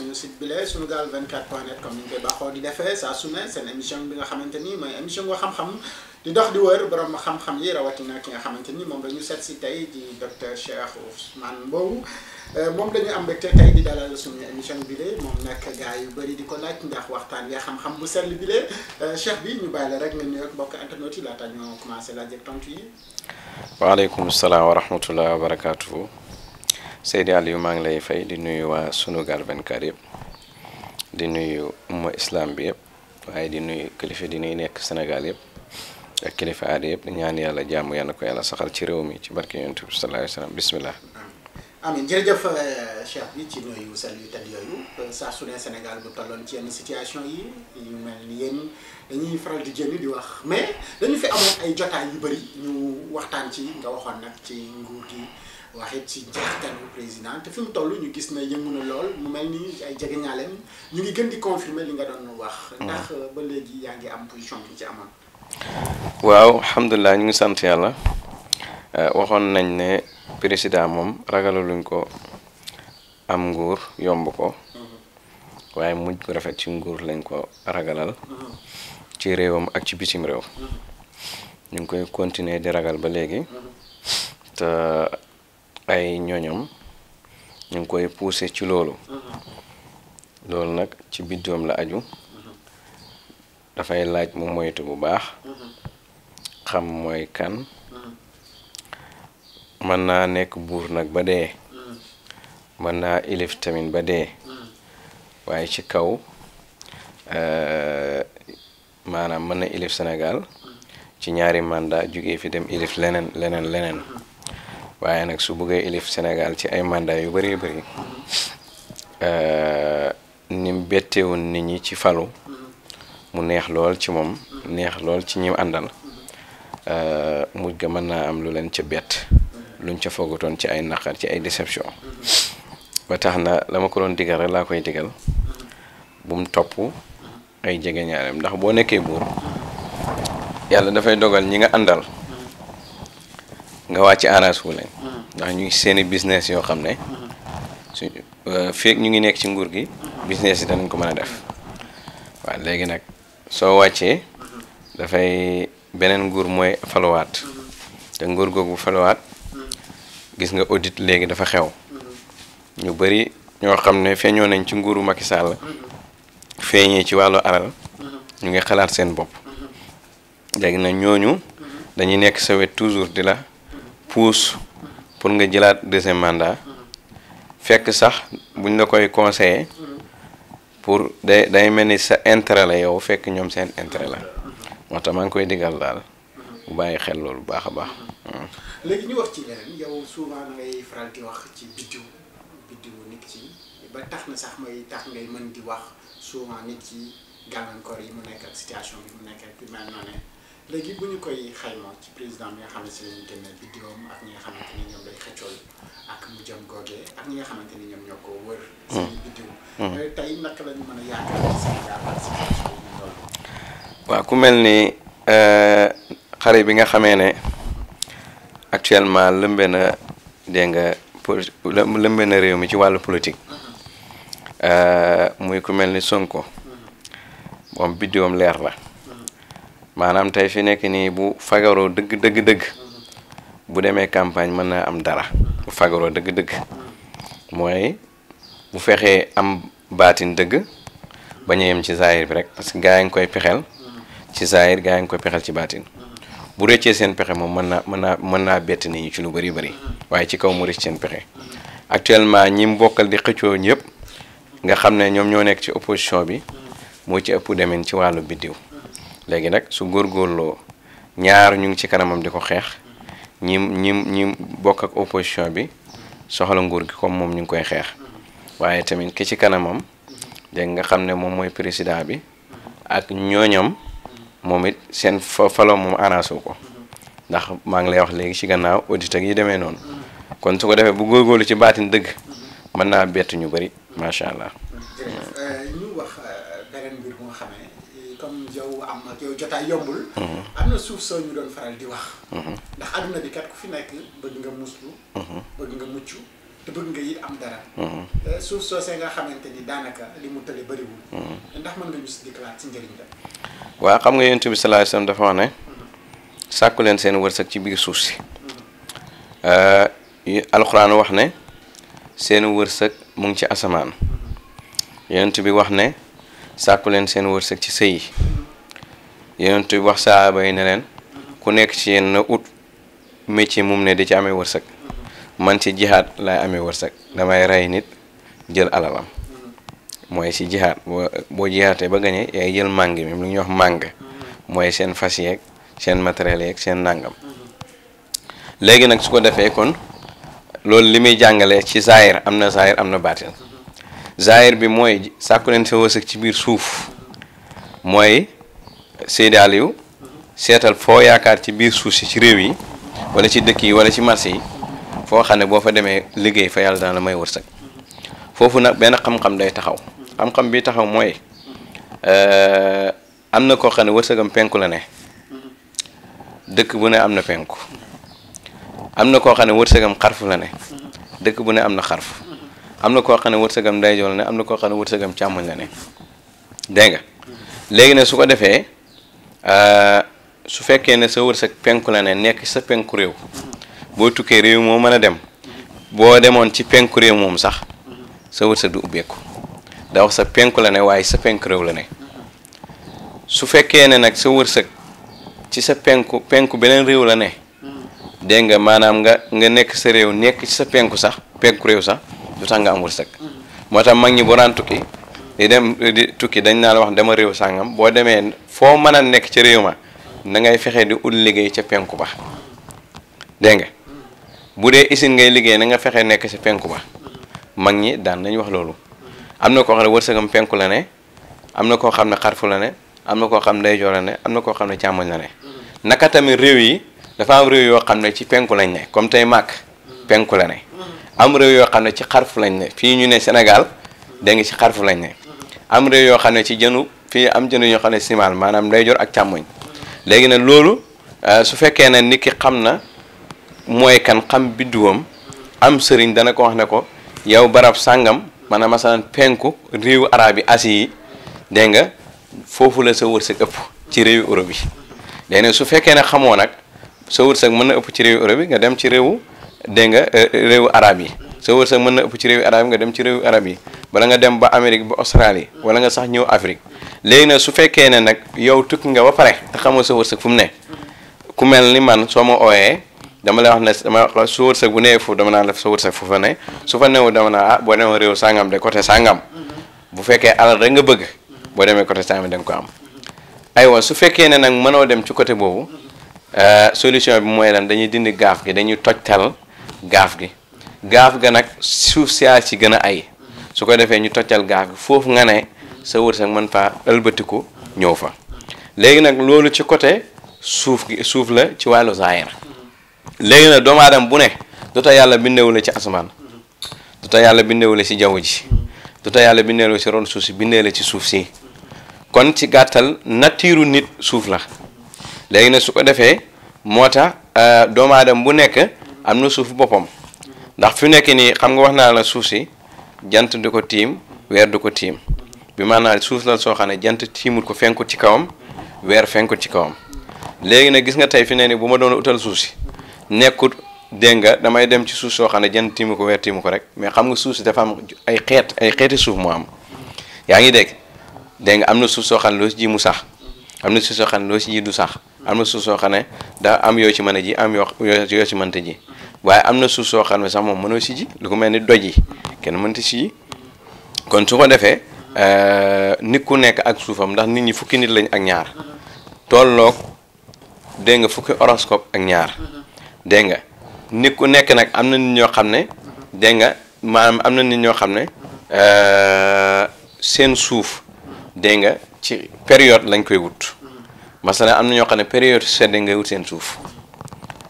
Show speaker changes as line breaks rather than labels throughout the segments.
suñu site bi la sunugal net comme ni ñu koy baaxoo di defee saa su ne seen émission bi nga xamante ni mooy émission boo xam-xam di dox di wër borom xam-xam yi rawatina ki nga xamante ni moom la ñu seet si tey di docteur Cheikh Ousmane Mbow. Euh, moom dañu am mbégte tey di dalal suñu émission bi de moom nag gars yu bëri di ko laaj ndax waxtaan yaa xam-xam bu sell bi de euh, cheikh bi ñu bàyyi la rek nga nuyoog mbokk internet yi laata ñoo commencé laaj ak tontu yi.
waaleykum salaam wa rahmatulah wa barakaatu. Seydi Aliou maa ngi lay fay di nuyu waa Sunugal 24 yëpp di nuyu umma islam bi yëpp waaye di nuyu kilifa di nuyu nekk senegal yëpp ak kilifa aada yëpp ñaan yàlla jàmm yàlla ko yàlla saxal ci réew mi ci barke yonent bi sallallahu alayhi wa sallam bismillah
amin jërëjëf euh, Cheikh bi ci yooyu euh, saa su ne Sénégal bu ci yenn situation yi yu mel ni dañuy faral di génn di wax mais dañu fi amoon ay jotaay yu bëri ñu waxtaan ci nga waxoon nag ci nguur gi. waxit ci gis na yëngu gën di confirmer mm.
euh, waaw alhamdulilah ñu ngi sant yàlla euh, waxoon nañ ne président moom ragalaluñ ko am nguur yomb ko. Mm-hmm. waaye mujj bu rafet ci nguur lañ ko ragalal. Mm-hmm. ci réewam ak ci bisim réew. Mm-hmm. ñu ngi koy continuer di ragal ba léegi ay ñoñam ñu ngi koy poussé ci loolu loolu nag ci biddoom la aju dafay laaj mu moytu bu baax xam mooy kan mën naa nekk buur nag ba dee mën naa ilif tamit ba dee waaye ci kaw euh, maanaam mën na ilif senegal ci ñaari mandat jóge fi dem ilif leneen leneen leneen waaye nag su bëggee élif Sénégal ci ay mandat yu bari bëri euh, ni mu betteewoon nit ñi ci falu mu neex lool ci moom neex lool ci ñi àndal euh, mujj ga mën naa am lu leen ca bett luñ ca foogatoon ci ay naqar ci ay déception ba tax na la ma ko doon digal rek laa koy digal bu topp ay jege ñaareem ndax boo nekkee buur yàlla dafay dogal ñi nga àndal nga wàcc arrange wu leen ndax ñu ngi seeni business yoo xam ne su euh, feeg ñu ngi nekk ci nguur gi business yi danañ ko mën a def waa léegi nag soo wàccee dafay beneen nguur mooy faluwaat te nguur googu faluwaat gis nga audit léegi dafa xew ñu bari ñoo xam ne feeñoo nañ ci nguuru Macky Sall feeñee ci wàllu alal ñu ngi xalaat seen bopp léegi nag ñooñu dañuy nekk sa wet toujours di la pousse pour nga jëlaat deuxième mandat fekk sax buñ la koy conseiller pour day day mel ni sa intérêt la yow fekk ñoom seen intérêt la moo maa ngi koy digal daal bu bàyyi xel loolu baax a baax.
yow souvent ngay wax ci mën wax souvent nit léegi bi nga xamante ne ñu demee ko wër. Mm.
Mm. Euh, ku mel ni euh, xare bi nga xamee ne actuellement lëmbe na dégg nga poli réew mi ci wàllu politique mm-hmm. euh, muy ku mel ni Sonko mm-hmm. moom biddiwam leer la. maanaam tey fi nekk nii bu fagaroo dëgg dëgg dëgg bu demee campagne mën naa am dara bu fagaroo dëgg dëgg mooy bu fexee am baatin dëgg bañ a yem ci zaahir bi rek parce que gaa yi ngi koy pexeel ci zaahir gaa yi ngi koy pexeel ci baatin bu rëccee seen pexe moom mën naa mën naa mën naa bett nit ñu ci lu bëri bari waaye ci kaw mu rëcc seen pexe actuellement ñi mu bokkal di xëccoo ñëpp nga xam ne ñoom ñoo nekk ci opposition bi moo ci ëpp demin ci wàllu biddiw léegi nag su góor góorloo ñaar ñu ngi ci kanamam di ko xeex ñi ñi ñi bokk ak opposition bi soxla nguur gi comme moom ñu ngi koy xeex waaye tamit ki ci kanamam dégg nga xam ne moom mooy président bi ak ñooñam moom it seen falo moom arrangé ko ndax maa ngi lay wax léegi ci gannaaw audit yi demee noonu kon su ko defee bu góor góorgóorlu ci baatin dëgg mën naa bett ñu bëri macha allah.
jotaay yombul. Mhm. am na suuf soo ñu doon faral di wax. Mhm. ndax adduna bi kat ku fi nekk bëgg nga muslu. Mhm. bëgg nga mucc te nga yit am dara. Euh, suuf soosee nga xamante ni daanaka li mu tële bëriwul. ndax mën nga ñu si dikkalaat si njëriñ la.
waaw xam nga yonent bi sallallahu alayhi wasallam dafa wax ne. sàkku leen seen wërsëg ci biir suuf si. Euh, alxuraan wax ne seen wërsëg mu ngi ci asamaan. yonent bi wax ne sàkku leen seen wërsëg ci sëy yonent bi wax saaba yi ne leen ku nekk ci yéen na ut métier mum ne di ci amee wërsëg man ci jihaad laay amee wërsëg damay rey nit jël alalam mooy ci jihaad boo jihaatee ba gañee yaay jël màng mi lu ñuy wax màng mooy seen fas yeeg seen matériel yeeg seen nàngam léegi nag su ko defee kon loolu li muy jàngale ci zaahir am na zaahir am na baatin zaahir bi mooy sàkku leen sa wërsëg ci biir suuf mooy Seydi Aliou seetal foo yaakaar ci biir suuf si ci réew yi wala ci dëkk yi wala ci marché yi foo xam ne boo fa demee liggéey fa yàlla dana la may wërsëg foofu nag benn xam-xam day taxaw xam-xam bi taxaw mooy euh, am na koo xam ne wërsëgam penku la ne dëkk bu ne am na penku am na koo xam ne wërsëgam xarfu la ne dëkk bu ne am na xarfu am na koo xam ne wërsëgam ndeyjoor la ne am na koo xam ne wërsëgam càmm la ne dégg léegi ne su ko defee. Eh, su fekkee ne sa wërsëg penku la ne nekk sa penku réew boo tukkee réew moo mën a dem boo demoon ci penku réew moom sax sa wërsëg du ubbeeku da sa penku la ne waaye sa penku réew la ne su fekkee ne nag sa wërsëg ci sa penku penku beneen réew la ne dégg nga maanaam nga nga nekk sa réew nekk ci sa penku sax penku réew sax du tax nga am wërsëg moo tax mag ñi boo daan tukki di dem di tukki dañ naa la wax dama réew sàngam boo demee foo mën a nekk ci réew ma na ngay fexe di ut liggéey ca penku ba dégg nga bu dee usine ngay liggéey na nga fexe nekk ci penku ba mag ñi daan nañ wax loolu am na koo xam ne wërsëgam penku la ne am na ko xam ne xarfu la ne am na koo xam ne ndeyjoor la am na koo xam ne càmmoñ la ne naka tamit réew yi dafa am réew yoo xam ne ci penku lañ ne comme tey màkk penku la ne am réew yoo xam ne ci xarfu lañ ne fii ñu ne senegal dégg nga ci xarfu lañ ne am réew yoo xam ne ci jënu fii am jënu yoo xam ne simaal maanaam ndeyjoor ak càmmoñ léegi nag loolu euh, su fekkee ne nit ki xam na mooy kan xam bidduwam am sëriñ dana ko wax ne ko yow barab sàngam maanaam masalan penku réewu arab yi asi yi dégg nga foofu la sa wërsëg ëpp ci réewu Europe yi léegi su fekkee ne xamoo nag sa wërsëg mën na ëpp ci réew Europe yi nga dem ci réewu dégg nga euh, réewu arab yi sa wërsëg mën na ëpp ci réewi arab nga dem ci réewi arab yi wala nga dem ba Amérique ba Australie wala nga sax ñëw Afrique léegi nag su fekkee ne nag yow tukki nga ba pare te xamoo sa wërsëg fu mu ne ku mel ni man soo ma ooyee dama wax ne dama su wërsëg bu nee foofu dama naa def sa wërsëg fu ne su fa newu dama naa ah boo demee réew sangam de côté sangam bu fekkee alal rek nga bëgg boo demee côté sangam da nga ko am aywa su fekkee ne nag mënoo dem ci côté boobu euh, solution bi mooy lan dañuy dindi gaaf gi dañuy tojtal gaaf gi gaaf ga nag suuf saa si gën a ay su ko defee ñu toccal gaaf gi foofu nga ne sa wërsëg mën faa ëlbatiku ñëw fa léegi nag loolu ci côté suuf gi suuf la ci wàllu zaahir léegi nag doomu bu ne du yàlla bindewu ci asamaan du yàlla bindewu la jaww ji du yàlla bindewu la suuf si bindee ci suuf si kon ci gàttal natiiru nit suuf la léegi nag su ko defee moo tax euh, doomu aadama bu nekk am na suuf boppam ndax fi nekk nii xam nga wax naa la suuf si jant du ko tiim weer du ko tiim bi maanaam suuf la soo xam ne jant tiimul ko fenkut ci kawam weer fenkut ci kawam léegi nag gis nga tey fi ne bu ma doon utal suuf si nekkut dégg nga damay dem ci suuf soo xam ne jant tiimu ko weer tiimu ko rek mais xam nga suuf si dafa am ay xeet ay suuf mu am yaa ngi dégg dégg nga am na suuf soo xam ne loo si ji mu sax am na suuf soo xam ne du sax am na suuf soo xam ne daa am yoo ci mën a ji am yoo yoo ci mënta ji waaye am na suuf soo xam ne sax moom mënoo si ji lu ko mel ni doj yi kenn mënta si ji kon su ko defee euh, nit ku nekk ak suufam ndax nit ñi fukki nit lañ ak ñaar tollook dégg nga fukki horoscope ak ñaar dégg nga nit ku nekk nag am na nit ñoo xam ne dégg nga maanaam am na nit ñoo xam ne euh, seen suuf dégg nga ci période lañ koy wut masala am na ñoo xam ne période sedd ngay wut seen suuf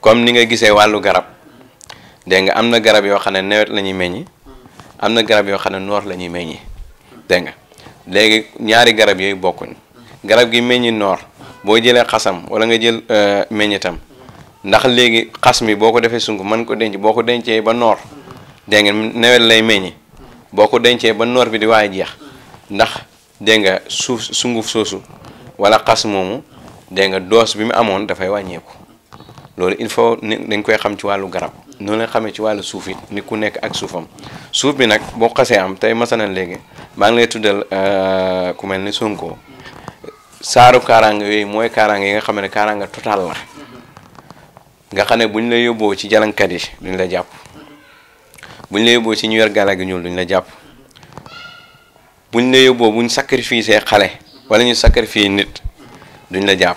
comme ni nga gisee wàllu garab. dégg nga am na garab yoo xam ne nawet la ñuy meññi am na garab yoo xam ne noor la ñuy meññi dégg nga léegi ñaari garab yooyu bokkuñ garab gi meññi noor boo jëlee xasam wala nga jël euh, meññitam ndax léegi xas mi boo ko defee sunguf man ko denc boo ko dencee ba noor dégg nga nawet lay meññi boo ko dencee ba noor bi di waaye jeex ndax dégg nga suuf sunguf soosu wala xas moomu dégg nga doos bi mu amoon dafay wàññeeku loolu il faut dañ koy xam ci wàllu garab noonu la xamee ci wàllu suuf it ni ku nekk ak suufam suuf bi nag boo xasee am tey masana léegi maa ngi lay tuddal euh, ku mel ni Sonko saaru kaaraange yooyu mooy kaaraange yi nga xam ne kaaraange total la nga xam ne buñ la yóbboo ci jalankat yi duñ la jàpp buñ la yóbboo ci ñu yor gala gi ñuul duñ la jàpp buñ la yóbboo buñ sacrifice xale wala ñu sacrifice nit duñ la jàpp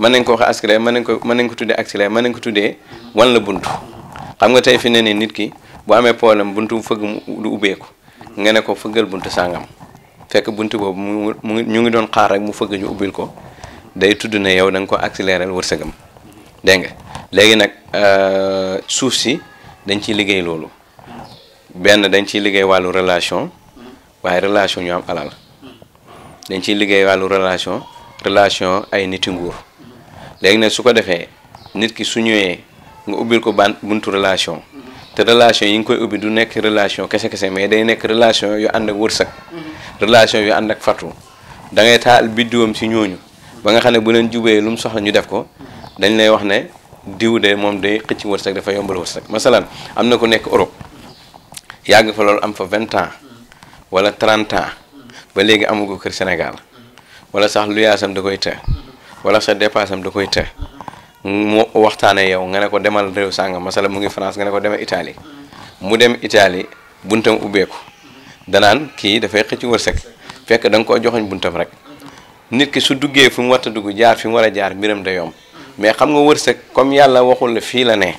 mën nañ ko wax askre mën nañ ko mën nañ ko tuddee askre mën nañ ko tuddee wan la bunt xam nga tey fi ne nii nit ki bu amee problème buntu fëgg du ubbeeku nga ne ko fëggal buntu sàngam fekk bunt boobu mu ngi ñu ngi doon xaar rek mu fëgg ñu ubbil ko day tudd na yow da nga ko accéléré wërsëgam dégg nga léegi nag euh, suuf si dañ ciy liggéey loolu benn dañ ciy liggéey wàllu relation waaye relation ñu am alal dañ ciy liggéey wàllu relation relation ay niti nguur léegi nag su ko defee nit ki su ñëwee nga ubbil ko ban buntu relation te relation yi nga koy ubbi du nekk relation kese kese mais day nekk relation yu ànd ak wërsëg relation yu ànd ak fatu da ngay taal biddiwam si ñooñu ba nga xam ne bu leen jubee lu mu soxla ñu def ko dañ lay wax ne diw de moom day xëcc wërsëg dafa yombal wërsëg masalan am na ku nekk Europe yàgg fa loolu am fa vingt ans wala trente ans ba léegi amu ko kër Sénégal wala sax lu yaasam da koy të wala sa dépasse am da koy të mu waxtaanee yow nga ne ko demal réew sàngam masala mu ngi France nga ne ko demal Italie mu dem Italie buntam ubbeeku danaan kii dafay xëcc wërsëg fekk da nga koo joxoñ buntam rek nit ki su duggee fi mu war dugg jaar fi war a jaar mbiram da yomb mais xam nga wërsëg comme yàlla waxul la fii la ne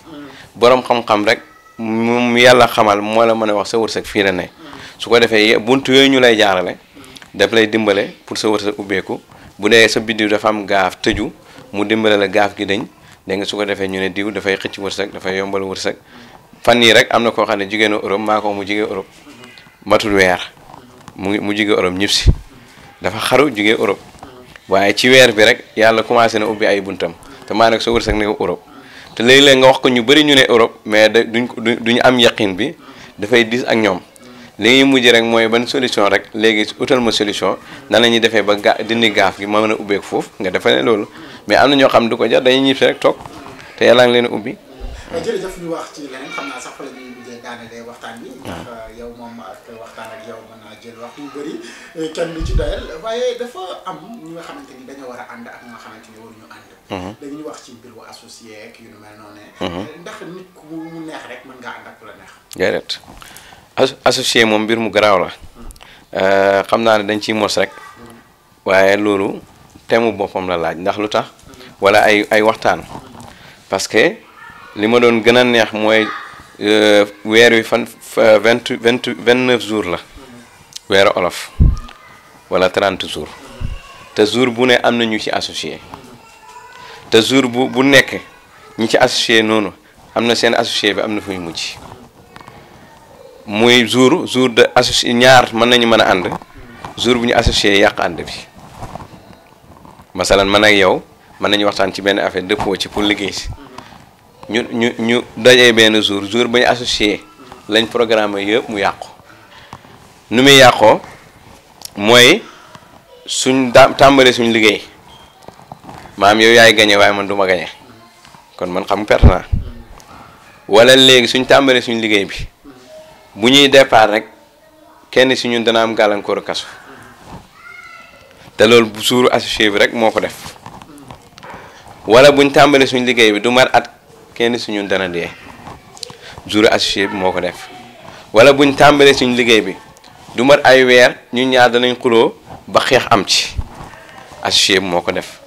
borom xam-xam rek moom yàlla xamal moo la mën a wax sa wërsëg fii la ne su ko defee bunt yooyu ñu lay jaarale daf lay dimbale pour sa wërsëg ubbeeku. bu dee sa biddiw dafa am gaaf tëju mu dimbale la gaaf gi dañ dégg nga su ko defee ñu ne diw dafay xëcc wërsëg dafay yombal wërsëg fan yii rek am na koo xam ne jigéenu Europe maako mu jigéen Europe matul weer mu mu jigéen Europe ñëpp si dafa xaru jigéen Europe waaye ci weer bi rek yàlla commencé na ubbi ay buntam te maa nekk sa wërsëg ne ko Europe te léeg-léeg nga wax ko ñu bëri ñu ne Europe mais duñ ñu am yaqin bi dafay dis ak ñoom. li ñuy mujj rek mooy ban solution rek léegi utal ma solution nan la defee ba ga dindi gaaf gi ma mën a ubbeeku nga defa ne loolu mais am na ñoo xam du ko jar dañuy ñib si te yàlla leen ubbi. ñu wax ci leneen xam naa sax fa la ñuy mujjee daanalee waxtaan bi. ndax
euh, yow moom ak waxtaan ak yow mën naa jël wax yu bëri euh, kenn ci doyal waaye dafa am ñi nga xamante ni dañoo war a ànd ak ñi nga xamante ni waruñu ànd. Mhm. dañuy wax ci mbiru associé ak yu mel
noonu. Mhm.
ndax nit ku neex rek mën ngaa ànd ak la
neex. associé moom mbir mu garaaw la euh, xam naa ne dañ ciy mos rek waaye loolu temu boppam la laaj ndax lu tax walla ay ay waxtaan parce que li ma doon gën a neex mooy euh, weer wi fan vingt vingt neuf jours la weeru olof walla trente jours te jour bu ne am na ñu ci associé te jour bu bu nekk ñi ci associé noonu am na seen associé bi am na fu ñu mujj. muy jour jour de associé ñaar mën nañu mën a ànd jour bu ñu associé yàq ànd bi masalan man ak yow mën nañu waxtaan ci benn affaire dëppoo ci pour liggéey si ñu ñu ñu dajee benn jour jour ba ñu associé lañ programme yëpp mu yàqu nu muy yàqoo mooy suñ da tàmbalee suñ liggéey maam yow yaay gañe waaye man du ma gañe kon man xam perte naa wala léegi suñ tàmbalee suñ liggéey bi bu ñuy départ rek kenn si ñun dana am gàllankooru kaso te loolu bu suuru associé bi rek moo ko def wala buñ tàmbali suñ liggéey bi du mar at kenn si ñun dana dee suuru associé bi moo ko def wala buñ tàmbalee suñ liggéey bi du mar ay weer ñu ñaar danañ xuloo ba xeex am ci associé bi moo ko def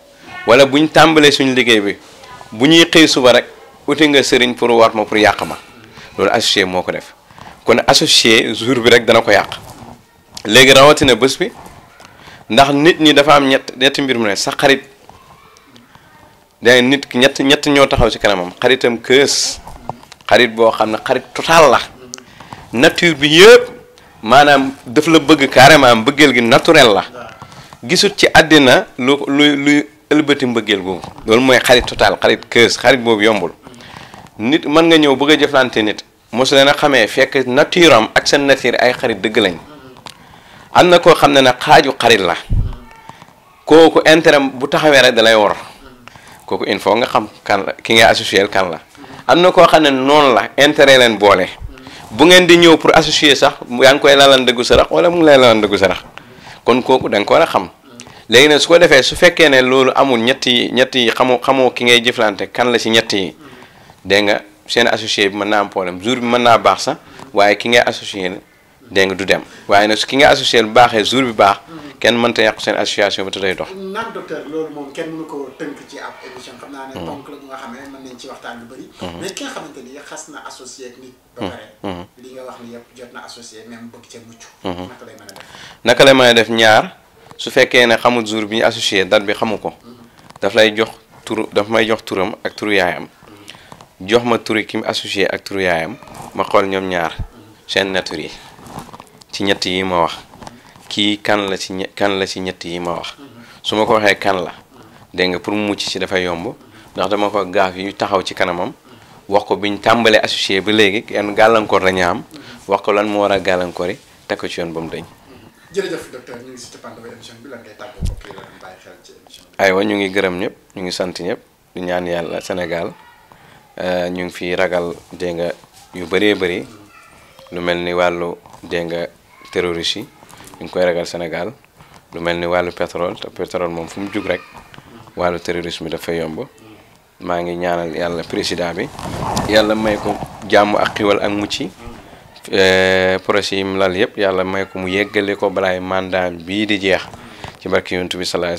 wala buñ tàmbalee suñ liggéey bi bu ñuy xëy suba rek uti nga sëriñ pour war ma pour yàq ma loolu associé bi moo ko def kon associé jour bi rek dana ko yàq léegi rawatina bés bi ndax nit ñi dafa am ñett ñetti mbir mu ne sa xarit day nit ki ñett ñett ñoo taxaw ci kanamam xaritam kës xarit boo xam ne xarit total la nature bi yëpp maanaam daf la bëgg carrément mbëggeel gi naturel la gisut ci àddina lu luy luy ëlbati mbëggeel boobu loolu mooy xarit total xarit kees xarit boobu yombul nit mën nga ñëw bëgg a jëflante nit mosu leen a xamee fekk nature am ak seen nature ay xarit dëgg lañ am na koo xam ne nag xaaju xarit la kooku intérêt bu taxawee rek dalay lay kooku il faut nga xam kan la ki nga associé kan la am na koo xam ne noonu la intérêt leen boole bu ngeen di ñëw pour associer sax yaa ngi koy lalan dëggu sarax wala mu ngi lay lalan dëggu sarax kon kooku da ko war a xam léegi nag su ko defee su fekkee ne loolu amul ñetti ñetti ñett xamoo xamoo ki ngay jëflante kan la ci ñetti yi nga seen associé bi mën naa am problème jour bi mën naa baax sax waaye ki ngay associé dégg nga du dem waaye nag ki nga associé lu baaxee jour bi baax. kenn mënta yàqu seen association bi te day dox.
naa ne hmm. ponk la bu nga xam ne mën hmm. na associé ak nit.
ba hmm. naka lay mën a def naka ñaar su fekkee ne xamul jour bi ñu associé dal bi xamu ko. daf lay jox tur daf may jox turam ak turu yaayam. jox ma turi kim mu associé ak turu yam ma xool ñoom ñaar seen nature yi ci ñett yi ma wax kii kan la ci kan la ci ñett yi ma wax su ma ko waxee kan la dégg nga pour mu mucc ci dafay yomb ndax dama ko gaaf yu taxaw ci kanamam wax ko biñ tàmbalee associé ba léegi kenn gàllankoor lañu am wax ko lan mu war a gàllankoor yi ko ci yoon ba mu dëñ.
jërëjëf docteur
ñu ngi gërëm ñëpp ñu ngi sant ñëpp du ñaan yàlla Sénégal. Eh, ñu ngi fi ragal dénga yu bëree bëri lu mel ni wàllu dénga nga terroriste yi ñu ngi koy ragal Sénégal lu mel ni wàllu pétrole te pétrole moom fu mu jug rek wàllu terrorisme bi dafa yomb maa ngi ñaanal yàlla président bi yàlla may ko jàmm ak xiwal ak mucc eh, projet yi mu lal yëpp yàlla may ko mu yeggale ko balaay mandat bii di jeex ci barki yontu bi salaay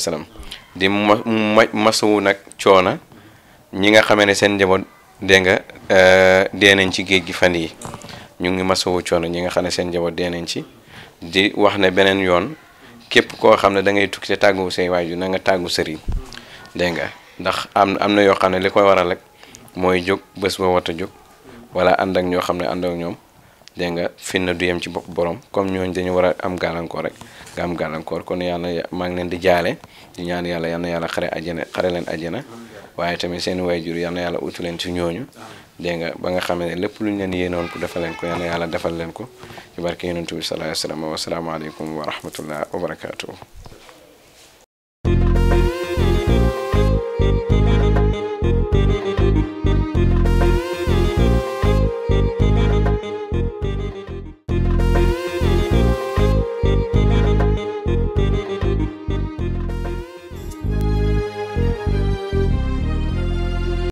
di ma nag coona ñi nga xamane seen njaboot. dégg nga eh, dee nañ ci géej gi fan yi ñu ngi masawu coono ñi nga xam ne seen njaboot dee nañ ci di wax ne beneen yoon képp koo xam ne da ngay tukki te tàggu say waajur na nga tàggu sëriñ dégg nga ndax am am na yoo xam ne li koy waral rek mooy jóg bés ba wat a jóg wala ànd ak ñoo xam ne ànd ak ñoom dégg nga fin na du yem ci bopp borom comme ñooñ dañu war a am gàllankoor rek. nga am gàllankoor kon yàlla maa ngi leen di jaale di ñaan yàlla yal na yàlla xare ajjana xare leen ajjana waaye tamit seen waajur yal na yàlla utu leen ci ñooñu dégg nga ba nga xam ne lépp lu ñu leen yéenoon ko defal leen ko yal na yàlla defal leen ko ci barke yonent bi sallallahu alayhi wa wa salaamu aleykum wa rahmatullah wa barakaatu.